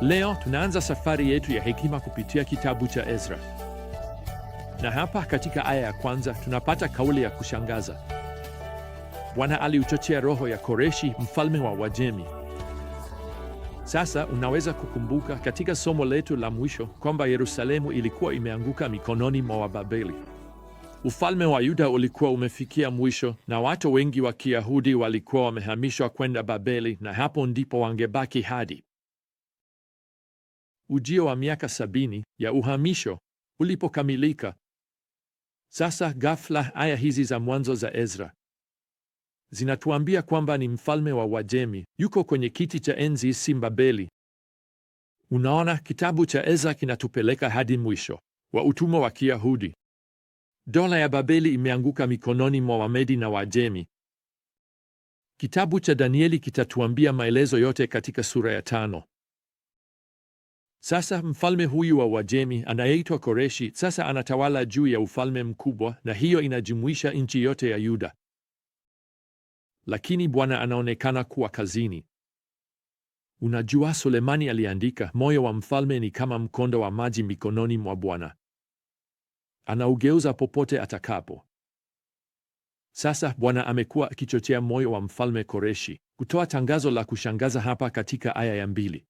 Leo tunaanza safari yetu ya hekima kupitia kitabu cha Ezra, na hapa katika aya ya kwanza tunapata kauli ya kushangaza: Bwana aliuchochea roho ya Koreshi, mfalme wa Wajemi. Sasa unaweza kukumbuka katika somo letu la mwisho kwamba Yerusalemu ilikuwa imeanguka mikononi mwa Wababeli. Ufalme wa Yuda ulikuwa umefikia mwisho na watu wengi wa Kiyahudi walikuwa wamehamishwa kwenda Babeli, na hapo ndipo wangebaki hadi ujio wa miaka sabini ya uhamisho ulipokamilika. Sasa ghafla, aya hizi za mwanzo za Ezra zinatuambia kwamba ni mfalme wa Wajemi yuko kwenye kiti cha enzi, si Babeli. Unaona, kitabu cha Ezra kinatupeleka hadi mwisho wa utumwa wa Kiyahudi. Dola ya Babeli imeanguka mikononi mwa Wamedi na Wajemi. Kitabu cha Danieli kitatuambia maelezo yote katika sura ya tano. Sasa mfalme huyu wa Wajemi anayeitwa Koreshi sasa anatawala juu ya ufalme mkubwa, na hiyo inajumuisha nchi yote ya Yuda. Lakini Bwana anaonekana kuwa kazini. Unajua, Sulemani aliandika, moyo wa mfalme ni kama mkondo wa maji mikononi mwa Bwana, anaugeuza popote atakapo. Sasa Bwana amekuwa akichochea moyo wa mfalme Koreshi kutoa tangazo la kushangaza hapa katika aya ya mbili.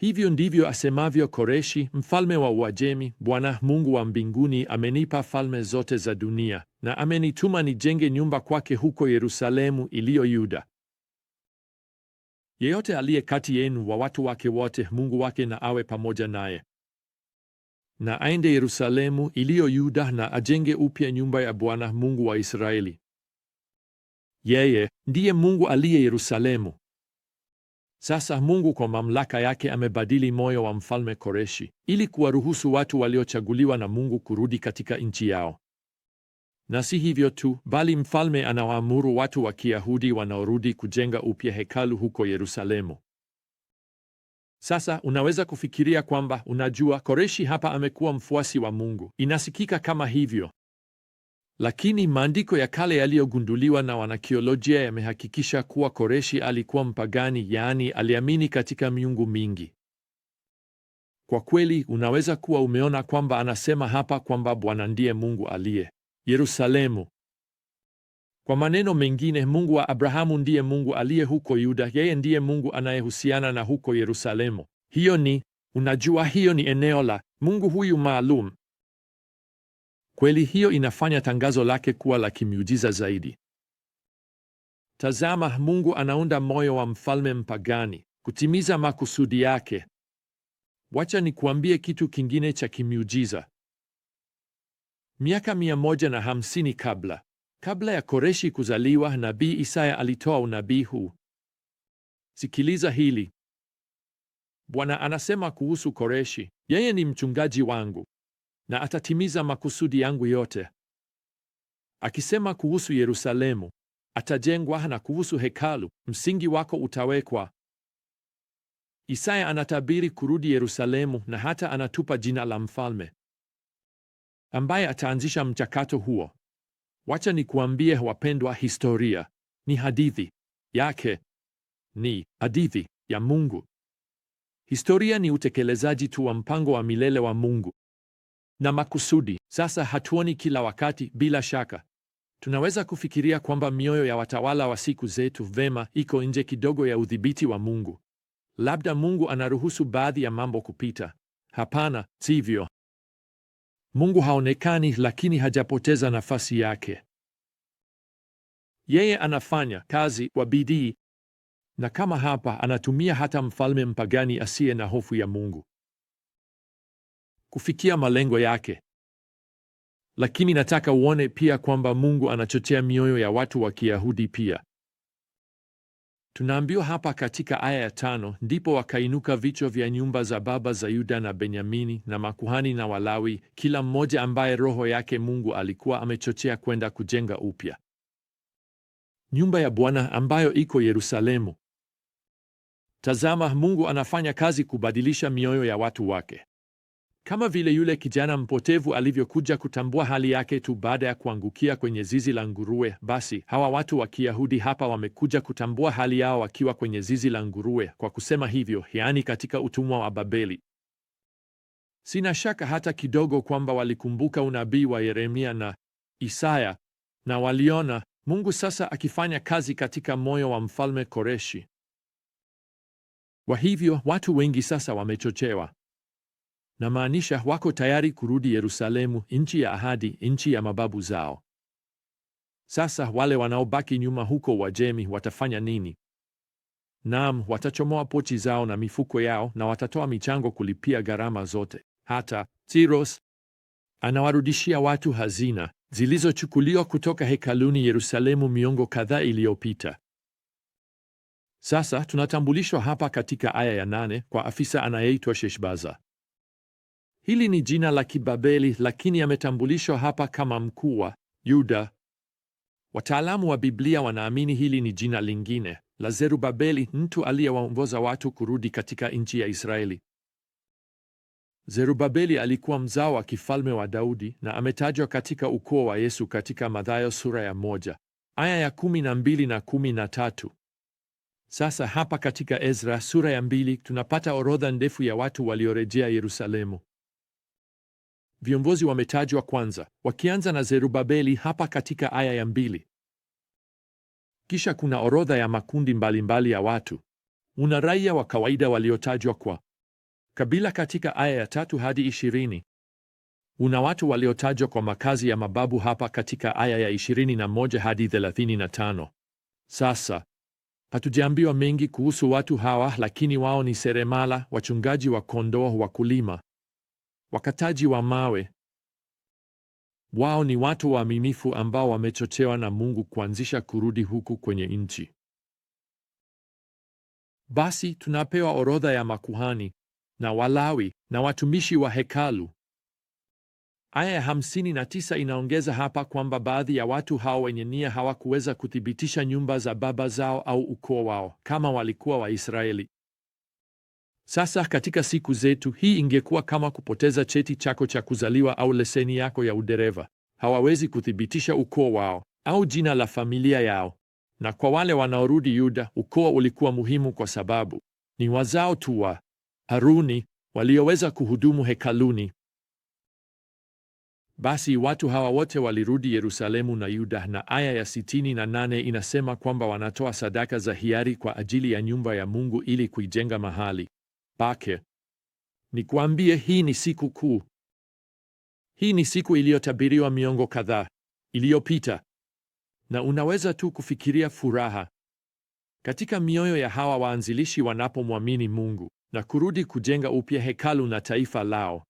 Hivyo ndivyo asemavyo Koreshi, mfalme wa Uajemi: Bwana Mungu wa mbinguni amenipa falme zote za dunia na amenituma nijenge nyumba kwake huko Yerusalemu iliyo Yuda. Yeyote aliye kati yenu wa watu wake wote, Mungu wake na awe pamoja naye, na aende Yerusalemu iliyo Yuda na ajenge upya nyumba ya Bwana Mungu wa Israeli. Yeye ndiye Mungu aliye Yerusalemu. Sasa Mungu kwa mamlaka yake amebadili moyo wa mfalme Koreshi ili kuwaruhusu watu waliochaguliwa na Mungu kurudi katika nchi yao. Na si hivyo tu, bali mfalme anawaamuru watu wa Kiyahudi wanaorudi kujenga upya hekalu huko Yerusalemu. Sasa unaweza kufikiria kwamba, unajua, Koreshi hapa amekuwa mfuasi wa Mungu, inasikika kama hivyo, lakini maandiko ya kale yaliyogunduliwa na wanakiolojia yamehakikisha kuwa Koreshi alikuwa mpagani, yaani aliamini katika miungu mingi. Kwa kweli, unaweza kuwa umeona kwamba anasema hapa kwamba Bwana ndiye Mungu aliye Yerusalemu. Kwa maneno mengine, Mungu wa Abrahamu ndiye Mungu aliye huko Yuda, yeye ndiye Mungu anayehusiana na huko Yerusalemu. Hiyo ni unajua, hiyo ni eneo la Mungu huyu maalum Kweli hiyo inafanya tangazo lake kuwa la kimiujiza zaidi. Tazama, Mungu anaunda moyo wa mfalme mpagani kutimiza makusudi yake. Wacha nikuambie kitu kingine cha kimiujiza. Miaka mia moja na hamsini kabla kabla ya Koreshi kuzaliwa, nabii Isaya alitoa unabii huu. Sikiliza hili. Bwana anasema kuhusu Koreshi, yeye ni mchungaji wangu na atatimiza makusudi yangu yote. Akisema kuhusu Yerusalemu atajengwa, na kuhusu hekalu msingi wako utawekwa. Isaya anatabiri kurudi Yerusalemu na hata anatupa jina la mfalme ambaye ataanzisha mchakato huo. Wacha nikuambie wapendwa, historia ni hadithi yake, ni hadithi ya Mungu. Historia ni utekelezaji tu wa mpango wa milele wa Mungu na makusudi. Sasa hatuoni kila wakati, bila shaka. Tunaweza kufikiria kwamba mioyo ya watawala wa siku zetu vema iko nje kidogo ya udhibiti wa Mungu. Labda Mungu anaruhusu baadhi ya mambo kupita. Hapana, sivyo. Mungu haonekani, lakini hajapoteza nafasi yake. Yeye anafanya kazi kwa bidii, na kama hapa, anatumia hata mfalme mpagani asiye na hofu ya Mungu kufikia malengo yake. Lakini nataka uone pia kwamba Mungu anachochea mioyo ya watu wa Kiyahudi pia. Tunaambiwa hapa katika aya ya tano, ndipo wakainuka vichwa vya nyumba za baba za Yuda na Benyamini na makuhani na Walawi, kila mmoja ambaye roho yake Mungu alikuwa amechochea kwenda kujenga upya nyumba ya Bwana ambayo iko Yerusalemu. Tazama, Mungu anafanya kazi kubadilisha mioyo ya watu wake kama vile yule kijana mpotevu alivyokuja kutambua hali yake tu baada ya kuangukia kwenye zizi la nguruwe, basi hawa watu wa Kiyahudi hapa wamekuja kutambua hali yao wakiwa kwenye zizi la nguruwe, kwa kusema hivyo, yaani katika utumwa wa Babeli. Sina shaka hata kidogo kwamba walikumbuka unabii wa Yeremia na Isaya na waliona Mungu sasa akifanya kazi katika moyo wa mfalme Koreshi. Kwa hivyo watu wengi sasa wamechochewa namaanisha wako tayari kurudi Yerusalemu, nchi ya ahadi, nchi ya mababu zao. Sasa wale wanaobaki nyuma huko Wajemi watafanya nini? Naam, watachomoa pochi zao na mifuko yao na watatoa michango kulipia gharama zote. Hata Tiros anawarudishia watu hazina zilizochukuliwa kutoka hekaluni Yerusalemu miongo kadhaa iliyopita. Sasa tunatambulishwa hapa katika aya ya nane kwa afisa anayeitwa Sheshbaza Hili ni jina la Kibabeli, lakini ametambulishwa hapa kama mkuu wa Yuda. Wataalamu wa Biblia wanaamini hili ni jina lingine la Zerubabeli, mtu aliyewaongoza watu kurudi katika nchi ya Israeli. Zerubabeli alikuwa mzao wa kifalme wa Daudi na ametajwa katika ukoo wa Yesu katika Mathayo sura ya moja aya ya kumi na mbili na kumi na tatu. Sasa hapa katika Ezra sura ya mbili tunapata orodha ndefu ya watu waliorejea Yerusalemu. Viongozi wametajwa kwanza, wakianza na Zerubabeli hapa katika aya ya mbili. Kisha kuna orodha ya makundi mbalimbali mbali ya watu. Una raia wa kawaida waliotajwa kwa kabila katika aya ya tatu hadi ishirini. Una watu waliotajwa kwa makazi ya mababu hapa katika aya ya 21 hadi 35. Sasa hatujaambiwa mengi kuhusu watu hawa, lakini wao ni seremala, wachungaji wa kondoo, wakulima wakataji wa mawe. Wao ni watu waaminifu ambao wamechochewa na Mungu kuanzisha kurudi huku kwenye nchi. Basi tunapewa orodha ya makuhani na Walawi na watumishi wa hekalu. Aya ya hamsini na tisa inaongeza hapa kwamba baadhi ya watu hao wenye nia hawakuweza kuthibitisha nyumba za baba zao au ukoo wao kama walikuwa Waisraeli. Sasa katika siku zetu, hii ingekuwa kama kupoteza cheti chako cha kuzaliwa au leseni yako ya udereva. Hawawezi kuthibitisha ukoo wao au jina la familia yao. Na kwa wale wanaorudi Yuda, ukoo ulikuwa muhimu kwa sababu ni wazao tu wa Haruni walioweza kuhudumu hekaluni. Basi watu hawa wote walirudi Yerusalemu na Yuda, na aya ya sitini na nane inasema kwamba wanatoa sadaka za hiari kwa ajili ya nyumba ya Mungu ili kuijenga mahali pake. Nikwambie, hii ni siku kuu. Hii ni siku iliyotabiriwa miongo kadhaa iliyopita, na unaweza tu kufikiria furaha katika mioyo ya hawa waanzilishi wanapomwamini Mungu na kurudi kujenga upya hekalu na taifa lao.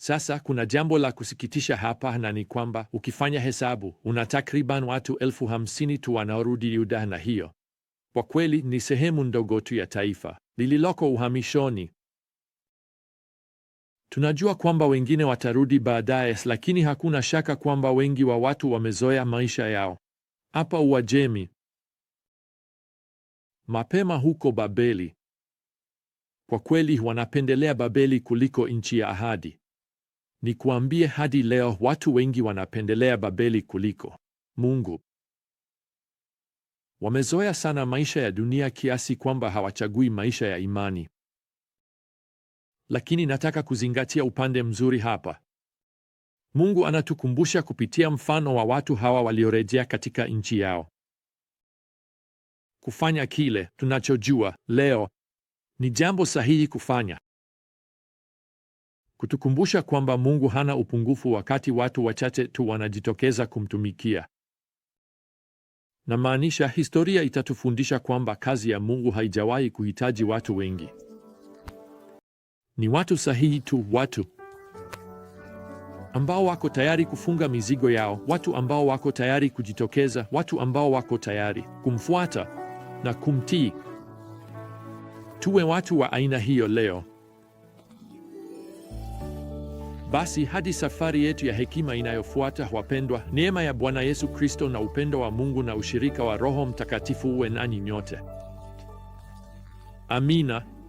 Sasa kuna jambo la kusikitisha hapa, na ni kwamba ukifanya hesabu, una takriban watu elfu hamsini tu wanaorudi Yuda, na hiyo kwa kweli ni sehemu ndogo tu ya taifa lililoko uhamishoni. Tunajua kwamba wengine watarudi baadaye, lakini hakuna shaka kwamba wengi wa watu wamezoea maisha yao hapa Uajemi. Mapema huko Babeli, kwa kweli wanapendelea Babeli kuliko nchi ya ahadi. Nikuambie, hadi leo watu wengi wanapendelea Babeli kuliko Mungu. Wamezoea sana maisha ya dunia kiasi kwamba hawachagui maisha ya imani. Lakini nataka kuzingatia upande mzuri hapa. Mungu anatukumbusha kupitia mfano wa watu hawa waliorejea katika nchi yao. Kufanya kile tunachojua leo ni jambo sahihi kufanya, kutukumbusha kwamba Mungu hana upungufu wakati watu wachache tu wanajitokeza kumtumikia. Namaanisha, historia itatufundisha kwamba kazi ya Mungu haijawahi kuhitaji watu wengi. Ni watu sahihi tu, watu ambao wako tayari kufunga mizigo yao, watu ambao wako tayari kujitokeza, watu ambao wako tayari kumfuata na kumtii. Tuwe watu wa aina hiyo leo. Basi hadi safari yetu ya hekima inayofuata, wapendwa, neema ya Bwana Yesu Kristo na upendo wa Mungu na ushirika wa Roho Mtakatifu uwe nanyi nyote. Amina.